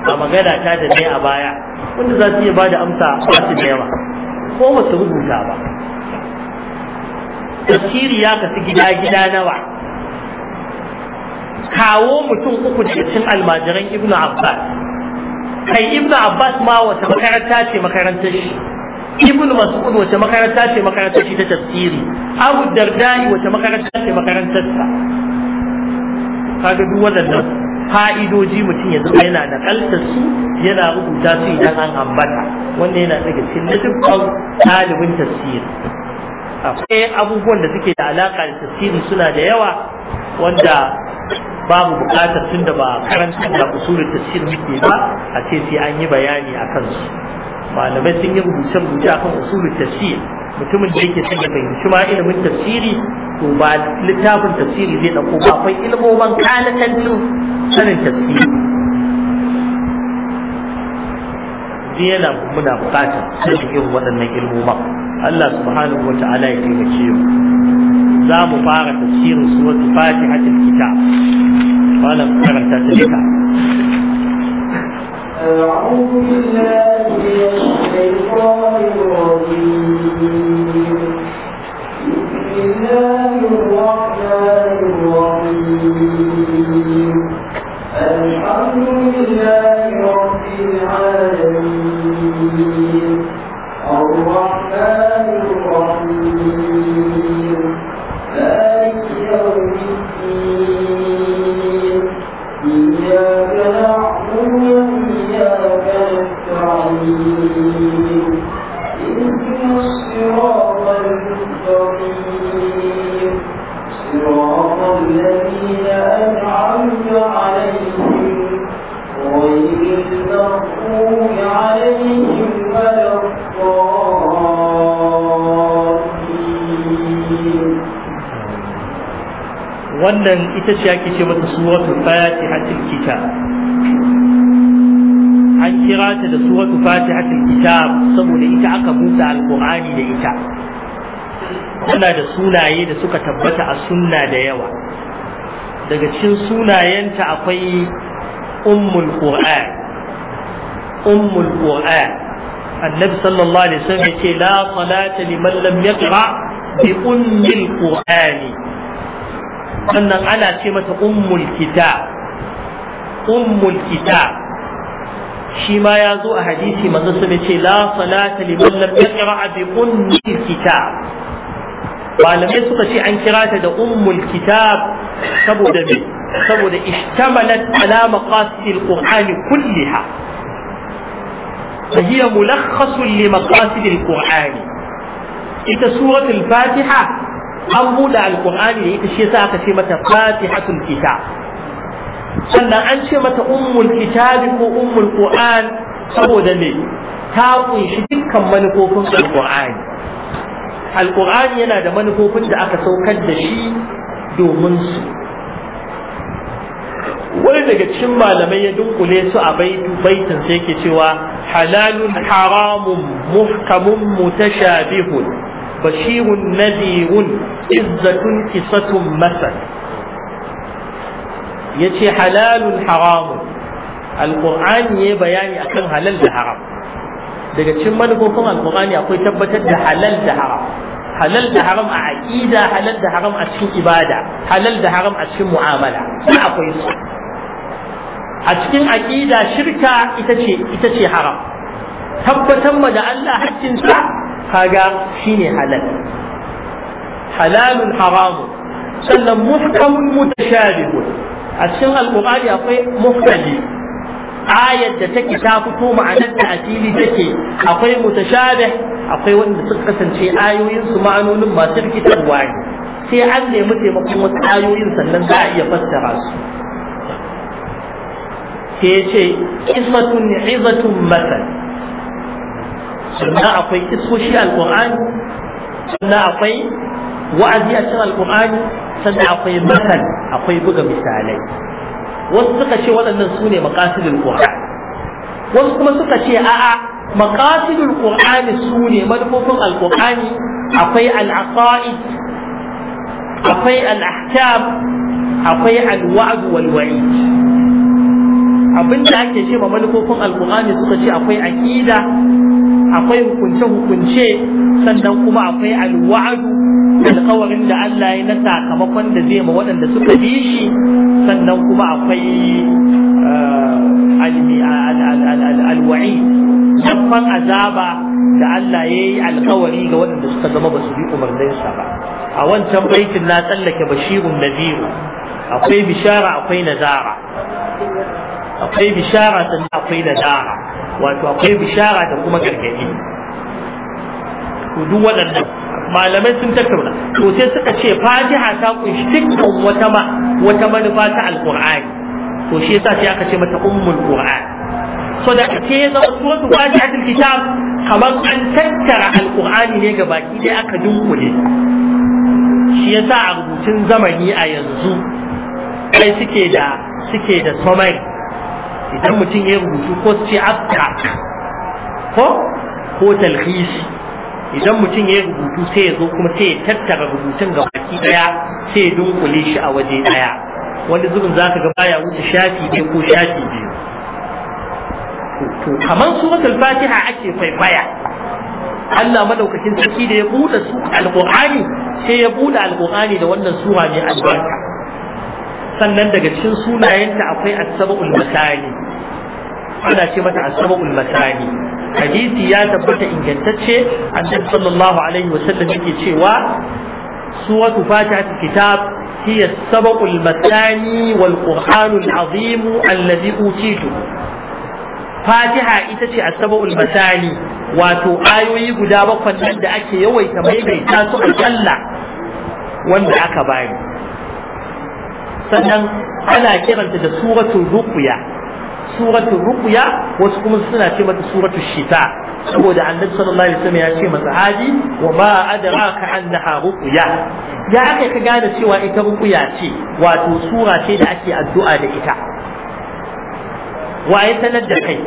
A: a magana ta da ne a baya wanda za su iya ba da amsa ba da yawa ko ba su rubuta ba tafsiri ya kasu gida gida nawa kawo mutum uku daga cikin almajiran ibn abbas kai ibn abbas ma wata makaranta ce makarantar shi ibn mas'ud wata makaranta ce makarantar shi ta tafsiri abu dardani wata makaranta ce makarantar sa kaga duk wadannan fa'idoji mutum ya zama yana da kaltar su yana rubuta su idan an ambata wanda yana daga cikin ladabban talibin tafsiri akwai eh, abubuwan da suke da alaka da tafsiri suna da yawa wanda babu bukatar tunda ba karanta da usulin tafsir muke ba a ce sai an yi bayani a kansu malamai sun yi rubuce rubuce akan usulin tafsir mutumin da yake son ya fahimci ma ilimin tafsiri to ba littafin tafsiri zai dauko ba akwai ilmoman kalatancin sanin tafsiri yana muna bukatar sai yi waɗannan ilmoman Allah subhanahu wata'ala ya taimake mu za mu fara tafsirin suratul fatihatul kitab malam karanta ta duka أعوذ بالله من الشيطان الرجيم بسم wannan ita ce ake ce mata suratu fatihatul kitab an kira ta da suratu fatihatul kitab saboda ita aka buɗe alqur'ani da ita tana da sunaye da suka tabbata a sunna da yawa daga cikin sunayenta akwai ummul qur'an ummul qur'an annabi sallallahu alaihi wasallam yace la salata liman lam yaqra bi ummil qur'ani sannan ana ce mata ummul kitab ummul shi ma ya zo a hadisi manzo sun ce la salata liman lam yaqra bi ummul kitab malamai suka ce an kira ta da ummul kitab saboda me saboda ishtamalat ala maqasid alquran kulliha فهي ملخص لمقاصد القرآن إذا سورة الفاتحة an buɗe alƙur'ani da ita shi yasa aka ce mata fatihatul kitab sannan an ce mata ummul kitabi ko ummul qur'an saboda me ta kunshi dukkan manufofin alƙur'ani alƙur'ani yana da manufofin da aka saukar da shi domin su wani daga cikin malamai ya dunkule su a baitin sai yake cewa halalun haramun muhkamun mutashabihun bashirun nadirun izzatun qisatun masar yace halalun haramun alqur'ani ya bayani akan halal da haram daga cikin manufofin alkur'ani akwai tabbatar da halal da haram halal da haram a aqida halal da haram a cikin ibada halal da haram a cikin mu'amala sai akwai su a cikin aqida shirka ita ce ita ce haram tabbatar ma da Allah hakkinsa kaga shine halal halalun haramun sannan muhkamun mutashabihun a cikin alqur'ani akwai muhkali ayar da take ta fito ma'anar da asili take akwai mutashabih akwai wanda suka kasance ayoyin su ma'anonin masu rikitarwa ne sai an nemi taimakon wasu ayoyin sannan za a iya fassara su sai ya ce ismatun izatun masal sannan akwai iskoshi alƙur'ani sannan akwai wa'azi a cikin alƙur'ani sannan akwai masal akwai buga misalai wasu suka ce waɗannan su ne maƙasidul ƙur'ani wasu kuma suka ce a'a maƙasidul ƙur'ani su ne manufofin alƙur'ani akwai al al'aqa'id akwai al al'ahkam akwai alwa'd wal wa'id abin da ake ce ma manufofin alkur'ani suka ce akwai aqida akwai hukunce hukunce sannan kuma akwai alwa'adu alkawarin da Allah ya na sakamakon da zai ma waɗanda suka bi shi sannan kuma akwai eh, alwa'i yaffan azaba da Allah ya yi alkawari ga waɗanda suka zama ba su bi umarninsa ba a wancan baitin na tsallake bashirun naziru akwai bishara akwai nazara akwai bishara sannan akwai nazara wato akwai bishara da kuma gargadi duk waɗannan malamai sun tattauna to sai suka ce fatiha ta kunshi dukkan wata ma wata manufa ta alqur'ani to shi yasa sai aka ce mata ummul qur'an so da ke zama suratul fatihatul kitab kamar an tattara alqur'ani ne ga baki dai aka dunkule shi yasa a rubutun zamani a yanzu kai suke da suke da somai idan mutum ya rubutu ko su ce abstract ko ko talhisi idan mutum ya rubutu sai ya zo kuma sai ya tattara rubutun ga baki daya sai ya dunkule shi a waje daya wani zubin za ka ga baya wuce shafi biyu ko shafi biyu to kamar suratul fatiha ake faifaya Allah madaukakin sarki da ya bude su alqur'ani sai ya buɗe alqur'ani da wannan sura mai albarka sannan daga cikin sunayenta akwai as-sab'ul masani ana ce mata asabul masani hadisi ya tabbata ingantacce annabi sallallahu alaihi wasallam yake cewa suratu fatihatul kitab hiya sabaqul masani wal qur'anul azim alladhi utitu fatiha ita ce a asabul masani wato ayoyi guda bakwai nan da ake yawaita maimaita su a akalla wanda aka bani sannan ana kiranta da suratu ruqya suratul ruqya wasu kuma suna ce mata suratul shita saboda annabi sallallahu alaihi wasallam ya ce masa hadi wa ma adraka annaha ruqya ya aka ka gane cewa ita ruqya ce wato sura ce da ake addu'a da ita Wa ya sanar da kai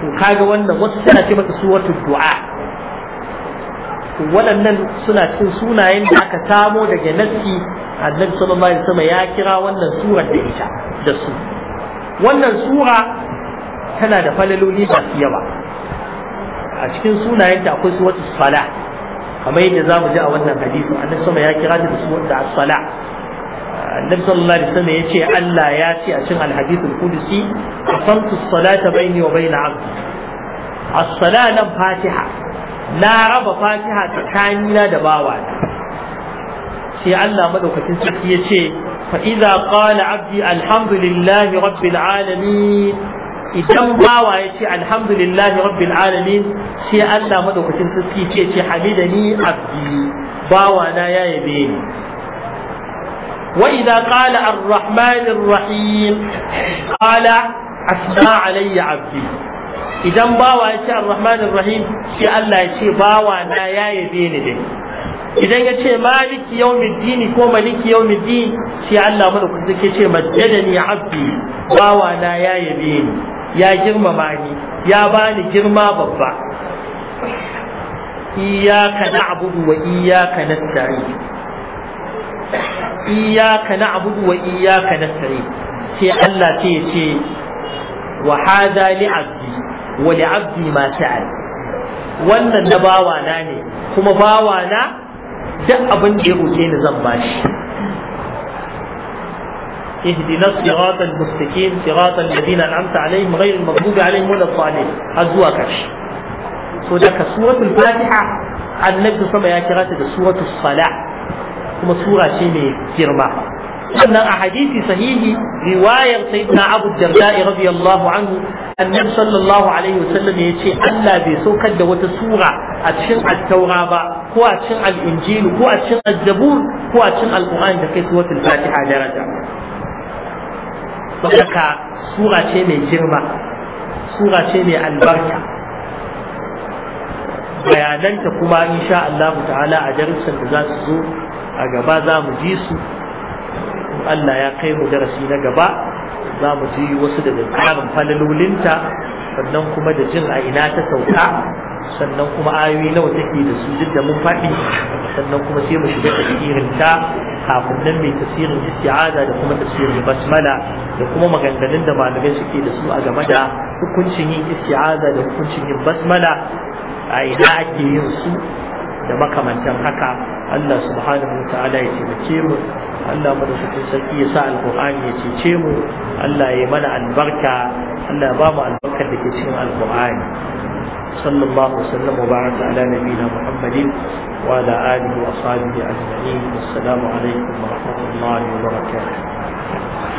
A: to kaga wannan wasu suna ce mata suratul du'a waɗannan suna cin sunayen da aka samo daga nassi annabi sallallahu alaihi wasallam ya kira wannan surar da ita da su wannan sura tana da falaloli su yawa a cikin sunayenta akwai suwatu sala kamar yadda za mu ji a wannan hadisi annabi sama ya kira ta da suwatu sala annabi sallallahu alaihi wasallam yace Allah ya ce a cikin al-hadith al-qudsi qasamtu as-salata bayni wa bayna 'abdi as-sala nan fatiha na raba fatiha tsakanina da bawa sai Allah madaukakin sarki yace فإذا قال عبدي الحمد لله رب العالمين idan bawa ya ce alhamdulillahi rabbil alamin sai Allah madaukakin sarki ce ce hamidani abdi bawa na ya yabe ni wa idza qala arrahmanir rahim qala asma alayya abdi idan bawa ya ce arrahmanir rahim sai Allah ya ce bawa na ya yabe ni dai idan ya ce maliki yau dini ko maliki yau dini sai Allah mana kusa ke ce majjadani abdi bawa na ya yabe ni ya girmama ni ya bani girma babba iyyaka na'budu wa iyyaka nasta'in iyyaka na'budu wa iyyaka nasta'in sai Allah ce ya ce wa hadha li abdi wa li abdi ma sa'al wannan na bawa na ne kuma bawa na duk abin da ya roke ni zan bashi اهدنا الصراط المستقيم صراط الذين انعمت عليهم غير المغضوب عليهم ولا الضالين ازوا كش سو دك سوره الفاتحه النبي sama ya kira ta da suratul salah kuma sura ce mai girma sannan a hadisi sahihi riwayar sayyidina abu darda radiyallahu anhu annabi sallallahu alaihi wasallam ya ce Allah bai saukar da wata sura a cikin at-taura ba ko a cikin al-injil ko a cikin az-zabur ko a cikin al-qur'ani da kai suratul fatiha daraja saboda sura ce mai girma sura ce mai albarka bayananta kuma insha Allah ta'ala a darussan da za su zo a gaba za mu ji su Allah ya kai mu darasi na gaba za mu ji wasu daga tsarin falalolinta sannan kuma da jin a ina ta sauka sannan kuma ayoyi nawa take da su duk da mun faɗi sannan kuma sai mu shiga tasirin ta kafin nan mai tasirin isti'aza da kuma tasirin basmala da kuma maganganun da malamai suke da su a game da hukuncin yin isti'aza da hukuncin yin basmala a ina ake yin su da makamantan haka Allah subhanahu wa ta'ala ya taimake mu Allah madaukakin sarki ya sa alqur'ani ya cece mu Allah ya mana albarka Allah ya ba mu albarkar da ke cikin alqur'ani صلى ala وسلم وبارك على نبينا محمد وعلى اله وصحبه اجمعين والسلام عليكم ورحمه الله وبركاته